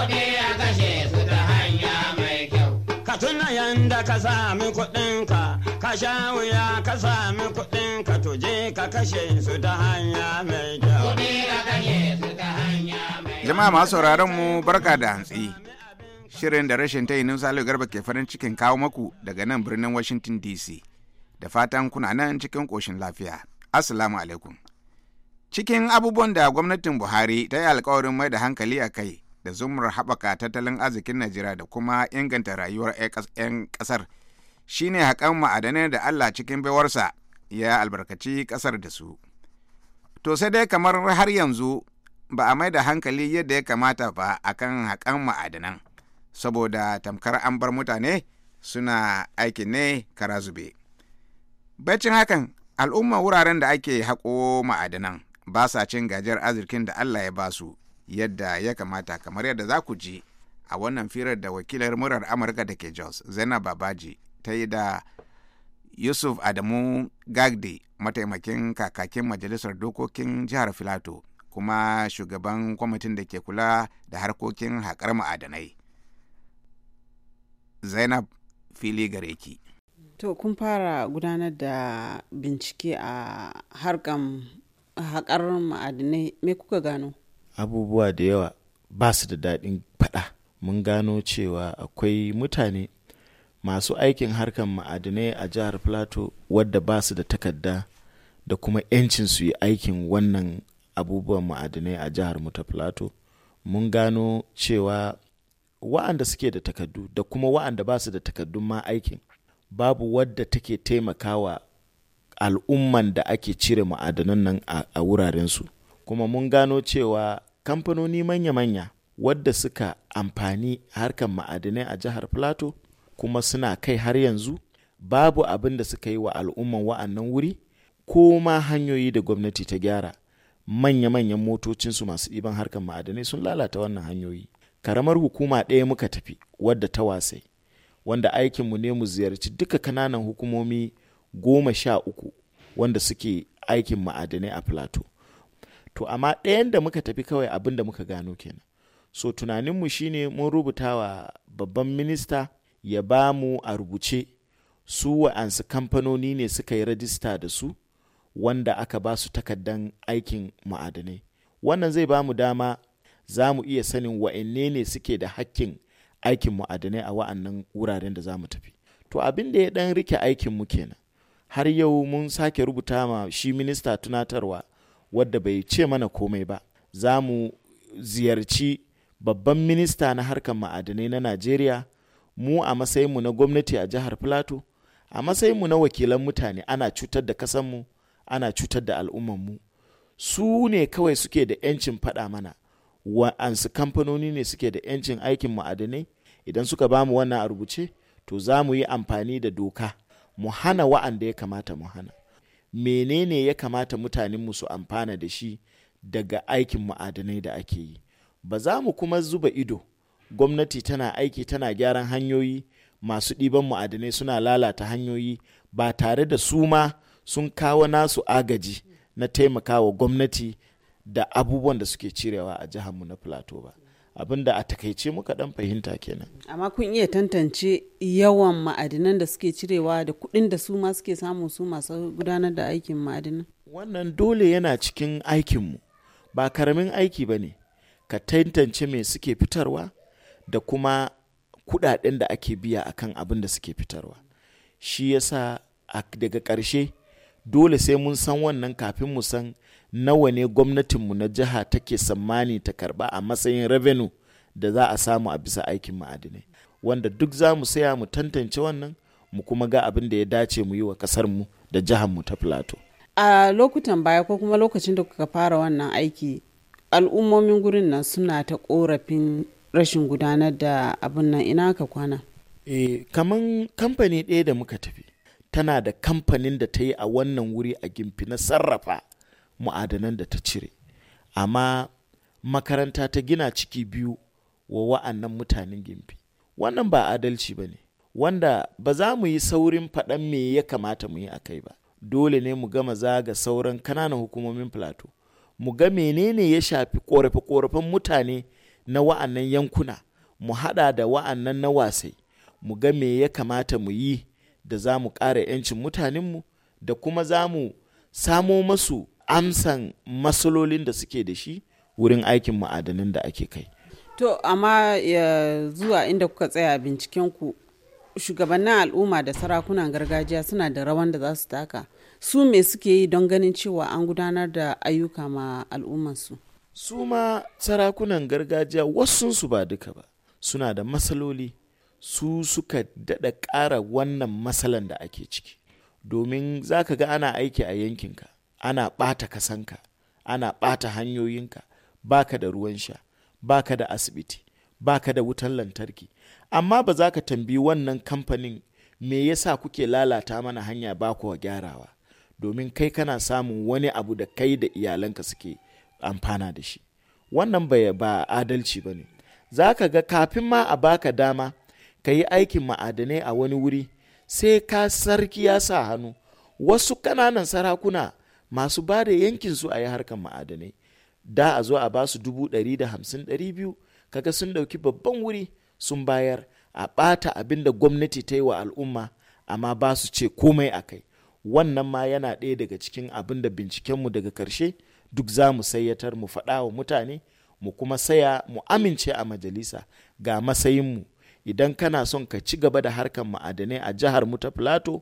kuɗi a kashe su ta hanya mai kyau. Ka tuna yanda ka sami kuɗinka, ka sha wuya ka sami kuɗinka tuje ka kashe su ta hanya mai kyau. Kuɗi a kashe su ta hanya mai kyau. Jama'a masu sauraron mu barka da hantsi. Shirin da rashin tayinin salo Garba ke farin cikin kawo maku daga nan birnin Washington DC. Da fatan kuna nan cikin ƙoshin lafiya. Assalamu alaikum. Cikin abubuwan da gwamnatin Buhari ta yi alkawarin mai da hankali a kai da zumar haɓaka tattalin arzikin najeriya da kuma inganta rayuwar 'yan ƙasar shi ne haƙan ma'adanai da allah cikin baiwarsa ya albarkaci ƙasar da su to sai dai kamar har yanzu ba a mai da hankali yadda ya kamata ba a kan haƙan ma'adanan saboda tamkar an bar mutane suna aikin ne kara zube baccin hakan al'umma wuraren da ake haƙo ma'adanan ba sa cin gajiyar arzikin da allah ya ba su yadda ya kamata kamar yadda za ku ji a wannan firar da wakilar murar amurka da ke jos zainab babaji ta yi da yusuf adamu gagdi mataimakin kakakin majalisar dokokin jihar filato kuma shugaban kwamitin da ke kula da harkokin haƙar ma'adanai zainab fili gareki to kun fara gudanar da bincike a harkar haƙar ma'adanai me kuka gano abubuwa da yawa ba su da daɗin faɗa mun gano cewa akwai mutane masu aikin harkar ma'adinai a jihar plateau wadda ba su da takarda da kuma 'yancin su yi aikin wannan abubuwan ma'adinai a jihar mu ta plateau mun gano cewa wa'anda suke da takardu da kuma wa'anda ba su da takardun ma aikin babu wadda take taimakawa al'umman da ake cire ma'adanan nan a wurarensu kuma mun gano cewa kamfanoni manya-manya wadda suka amfani harkar ma'adinai a jihar plato kuma suna kai har yanzu babu abin da suka yi wa al'umman wa'annan wuri ko ma hanyoyi da gwamnati ta gyara manya-manyan motocinsu masu ɗiban harkar ma'adinai sun lalata wannan hanyoyi karamar hukuma ɗaya muka tafi wadda ta wasai wanda aikinmu ne mu ziyarci duka kananan hukumomi goma sha uku wanda suke aikin ma'adinai a plateau to amma ɗayan da muka tafi kawai abin da muka gano kenan so tunaninmu shine mun rubuta wa babban minista ya ba mu a rubuce su wa'ansu kamfanoni ne suka yi rajista da su wanda aka ba su takardan aikin ma'adanai wannan zai ba mu dama za mu iya sanin wa'anne ne suke da hakkin aikin ma'adanai a wa'annan wuraren da za mu tafi to abin da ya ɗan rike aikin mu kenan har yau mun sake rubuta ma shi minista tunatarwa wadda bai ce mana komai ba za mu ziyarci babban minista na harkar ma'adanai na najeriya mu a matsayinmu na gwamnati a jihar plateau a matsayinmu na wakilan mutane ana cutar da kasanmu ana cutar da al'ummanmu su ne kawai suke da 'yancin faɗa mana wa'ansu kamfanoni ne suke da 'yancin aikin ma'adanai idan suka ba mu wannan a rubuce to za mu yi amfani da doka mu hana wa'anda ya kamata mu hana menene ya kamata mutanenmu su amfana da shi daga aikin ma'adanai da ake yi ba za mu kuma zuba ido gwamnati tana aiki tana gyaran hanyoyi masu ɗiban ma'adanai suna lalata hanyoyi ba tare da su ma sun kawo nasu agaji na taimakawa gwamnati da abubuwan da suke cirewa a jihar mu na plateau ba abinda a takaice muka dan fahimta kenan amma kun iya tantance yawan ma'adinan da suke cirewa da kuɗin da su ma suke samu su masu gudanar da aikin ma'adinan wannan dole yana cikin aikinmu ba karamin aiki ba ne ka tantance me suke fitarwa da kuma kuɗaɗen da ake biya akan abin da suke fitarwa shi yasa daga ƙarshe dole sai mun san wannan kafin mu san nawa ne gwamnatinmu na jiha take tsammani ta karba a matsayin revenue da za a samu a bisa aikin ma'adinai wanda duk za mu saya mu tantance wannan mu kuma ga abin da ya dace mu yi wa mu da jihar mu ta plato a lokutan baya ko kuma lokacin da kuka fara wannan aiki al'ummomin gurin nan suna ta korafin rashin gudanar da abin nan ina ka kwana eh, kaman kamfani ɗaya da muka tafi tana da kamfanin da ta yi a wannan wuri a gimfi na sarrafa mu'adanan da ta cire amma makaranta ta gina ciki biyu wa wa'annan mutanen gimfi wannan ba adalci ba ne wanda ba za mu yi saurin faɗan me ya kamata mu yi a kai ba dole ne mu gama zaga sauran kananan hukumomin plato mu ga menene ya shafi korafe-korafen mutane na wa'annan yankuna mu haɗa da wa'annan na wasai mu ga me ya kamata mu yi da za mu ƙara 'yancin mutanenmu da kuma za mu samo masu amsan matsalolin da suke da shi wurin aikin ma'adanan da ake kai. To, amma ya zuwa inda kuka tsaya bincikenku, shugabannin al'umma da sarakunan gargajiya suna da rawan da za su taka. Su me suke yi don ganin cewa an gudanar da ayyuka ma al'ummansu? Su ma sarakunan gargajiya wasunsu ba duka ba, suna da matsaloli su suka daɗa ƙara wannan matsalan da ake ciki domin za ka ga ana aiki a yankinka ana ɓata kasanka ana ɓata hanyoyinka baka da ruwan sha baka da asibiti baka da wutan lantarki amma ba za ka tambayi wannan kamfanin me yasa kuke lalata mana hanya ba kuwa gyarawa domin kai kana samun wani abu da kai da iyalanka suke amfana da shi wannan ba adalci ba ne za ka ga kafin ma a baka dama ka yi aikin ma'adanai a wani wuri sai ka sarki ya sa hannu wasu ƙananan sarakuna masu ba da yankinsu a yi harkar ma'adanai da a zo a ba su dubu ɗari da hamsin ɗari biyu kaga sun ɗauki babban wuri sun bayar a ɓata abin da gwamnati ta yi wa al'umma amma ba su ce komai a kai wannan ma yana ɗaya daga cikin abin da bincikenmu daga ƙarshe duk za mu sayyatar mu faɗa wa mutane mu kuma saya mu amince a majalisa ga matsayinmu idan kana son ka ci gaba da harkar ma'adanai a jihar mu ta Plateau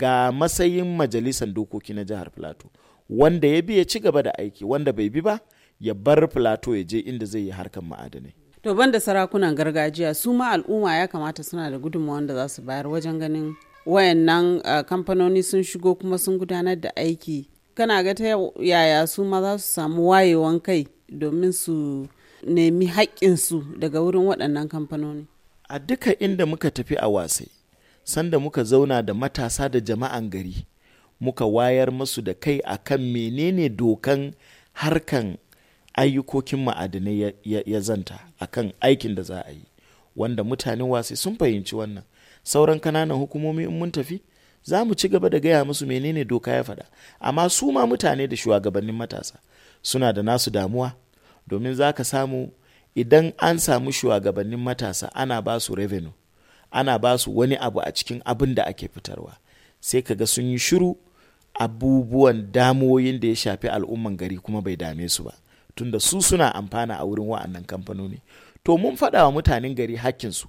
ga matsayin majalisar dokoki na jihar Plateau wanda ya bi ya ci gaba da aiki wanda bai bi ba ya bar Plateau ya je inda zai yi harkar ma'adanai. To banda sarakunan gargajiya su ma al'umma ya kamata suna da gudunmawar da za su bayar wajen ganin wayannan kamfanoni sun shigo kuma sun gudanar da aiki kana ga ta yaya su ma za su samu wayewan kai domin su nemi haƙƙinsu daga wurin waɗannan kamfanoni. a duka inda muka tafi a wasai sanda muka zauna da matasa da jama'an gari muka wayar musu da kai akan menene dokan harkan ayyukokin ma'adinai ya, ya, ya zanta akan aikin da za a yi wanda mutanen wasai sun fahimci wannan sauran kananan hukumomi in mun tafi za mu ci gaba da gaya musu menene doka ya faɗa amma su ma mutane da shugabannin matasa suna da nasu damuwa domin za ka samu idan an samu shugabannin matasa ana ba su revenue ana ba su wani abu a cikin abin da ake fitarwa sai kaga sun yi shiru abubuwan damoyin da ya shafi al'umman gari kuma bai dame su ba tunda su suna amfana a wurin wa'annan kamfanoni to mun faɗa wa mutanen gari hakkinsu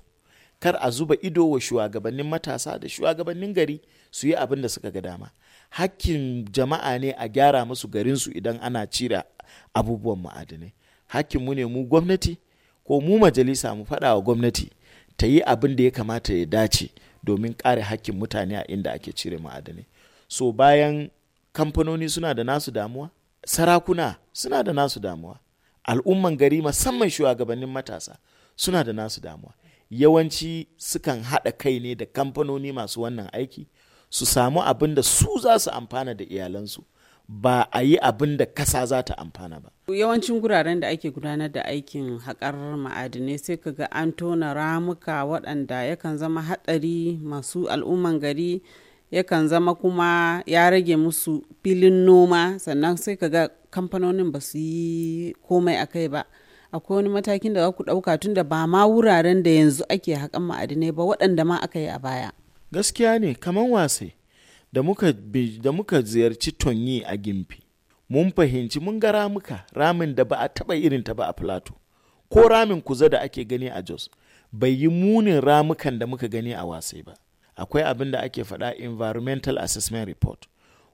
kar a zuba ido wa shugabannin matasa da shugabannin gari su yi abin da suka ga dama hakkin jama'a ne a gyara musu garinsu idan ana cira abubuwan ma'adinai hakkinmu ne mu gwamnati ko mu majalisa mu faɗa wa gwamnati ta yi abin da ya kamata ya dace domin kare hakkin mutane a inda ake cire ma'adanai so bayan kamfanoni suna da nasu damuwa sarakuna suna da nasu damuwa al'umman gari musamman shugabannin matasa suna da nasu damuwa yawanci sukan haɗa kai ne da kamfanoni masu wannan aiki su samu abin da su za su amfana da iyalansu ba a yi abin da kasa za ta amfana ba. Yawancin guraren da ake gudanar da aikin haƙar ma'adinai sai ka ga an tona ramuka waɗanda yakan zama haɗari masu al'umman gari yakan zama kuma ya rage musu filin noma sannan sai ka ga kamfanonin ba su yi komai a kai ba. akwai wani matakin da za ku ɗauka tun da ba ma wuraren da yanzu ake haƙan ma'adinai ba waɗanda ma aka yi a baya. Gaskiya ne, kamar wasai. da muka, da muka ziyarci tonyi a gimfi mun fahimci mun ga ramuka ramin da ba a taba irin ta ba a plato ko ramin kuza da ake gani a jos bai yi munin ramukan da muka gani a wasai ba akwai abin da ake faɗa environmental assessment report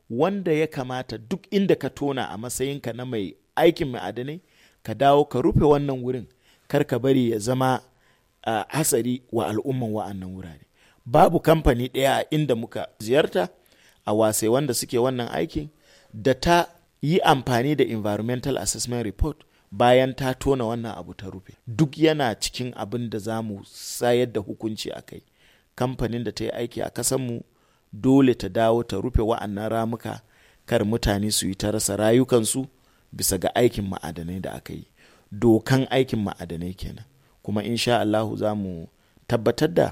wanda ya kamata duk inda ka tona a matsayinka na mai aikin ma'adanai ka dawo ka rufe wannan wurin kar ka bari ya zama uh, hatsari wa al'umman wa'annan wurare babu kamfani ɗaya inda muka ziyarta a wasai wanda suke wannan aikin da ta yi amfani da environmental assessment report bayan ta tona wannan abu ta rufe duk yana cikin abin da za mu sayar da hukunci a kai kamfanin da ta yi aiki a kasanmu dole ta dawo ta rufe wa'annan ramuka kar mutane su yi ta rasa rayukansu bisa ga aikin ma'adanai da aka yi dokan aikin ma'adanai kenan kuma insha Allahu za mu tabbatar da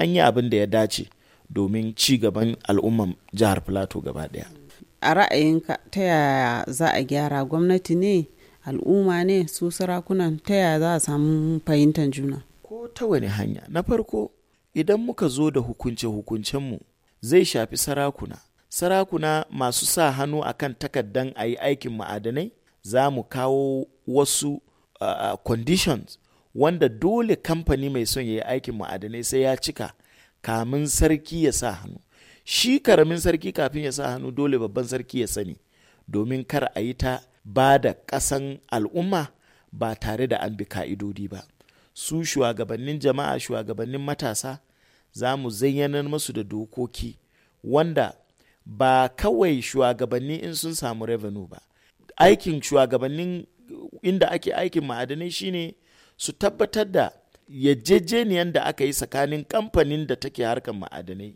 an yi abin da ya dace domin ci gaban al'umman jihar plateau gaba daya a ra'ayinka ta yaya za a gyara gwamnati ne al'umma ne su sarakunan ta yaya za a samu fahimtar juna ko ta wani hanya na farko idan muka zo da hukunce-hukuncenmu zai shafi sarakuna sarakuna masu sa hannu a kan takardan a yi aikin ma'adanai za mu kawo wasu uh, conditions wanda dole kamfani mai son ya yi aikin ma'adanai sai ya cika kamin sarki ya sa hannu shi karamin sarki kafin ya sa hannu dole babban sarki ya sani domin kar a yi ta ba da ƙasan al'umma ba tare da an bi ka'idodi ba su shugabannin jama'a shugabannin matasa za mu zayyanar masu da dokoki wanda ba kawai shugabanni in sun samu revenue ba aikin shugabannin inda ake aikin ma'adanai shine su tabbatar da yajejeniyan da aka yi tsakanin kamfanin da take harkar ma'adanai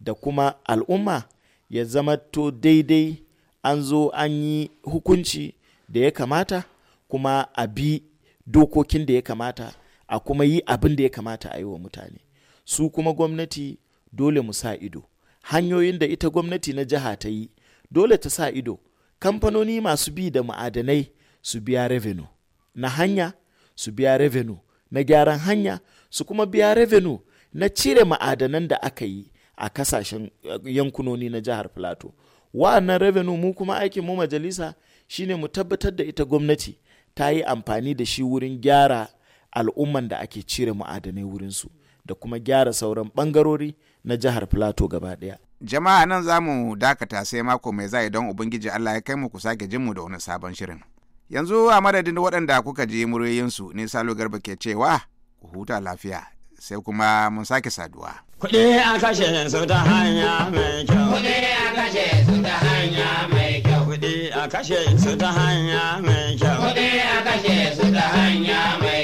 da kuma al'umma ya zama to daidai an zo an yi hukunci da ya kamata kuma a bi dokokin da ya kamata a kuma yi abin da ya kamata a yi wa mutane su kuma gwamnati dole mu sa ido hanyoyin da ita gwamnati na jiha ta yi dole ta sa ido kamfanoni masu bi da ma'adanai su biya revenue na hanya su biya revenue na gyaran hanya su kuma biya revenue na cire ma'adanan da aka yi a kasashen eh, yankunoni na jihar filato wa'annan revenue mu kuma aikin mu majalisa shine mu tabbatar da ita gwamnati ta yi amfani da shi wurin gyara al'umman da ake cire ma'adanai wurinsu da kuma gyara sauran bangarori na jihar filato gaba daya jama'a nan za mu dakata sai mako mai za don ubangiji allah ya kai mu ku sake jinmu da wani sabon shirin Yanzu a madadin waɗanda kuka ji muryoyinsu ne Salo Garba ke cewa ku huta lafiya sai kuma mun sake saduwa. Kuɗi a kashe su ta hanya mai kyau. Kuɗi a kashe su ta hanya mai kyau. Kuɗi a kashe su ta hanya mai kyau. Kuɗi a kashe su ta hanya mai kyau.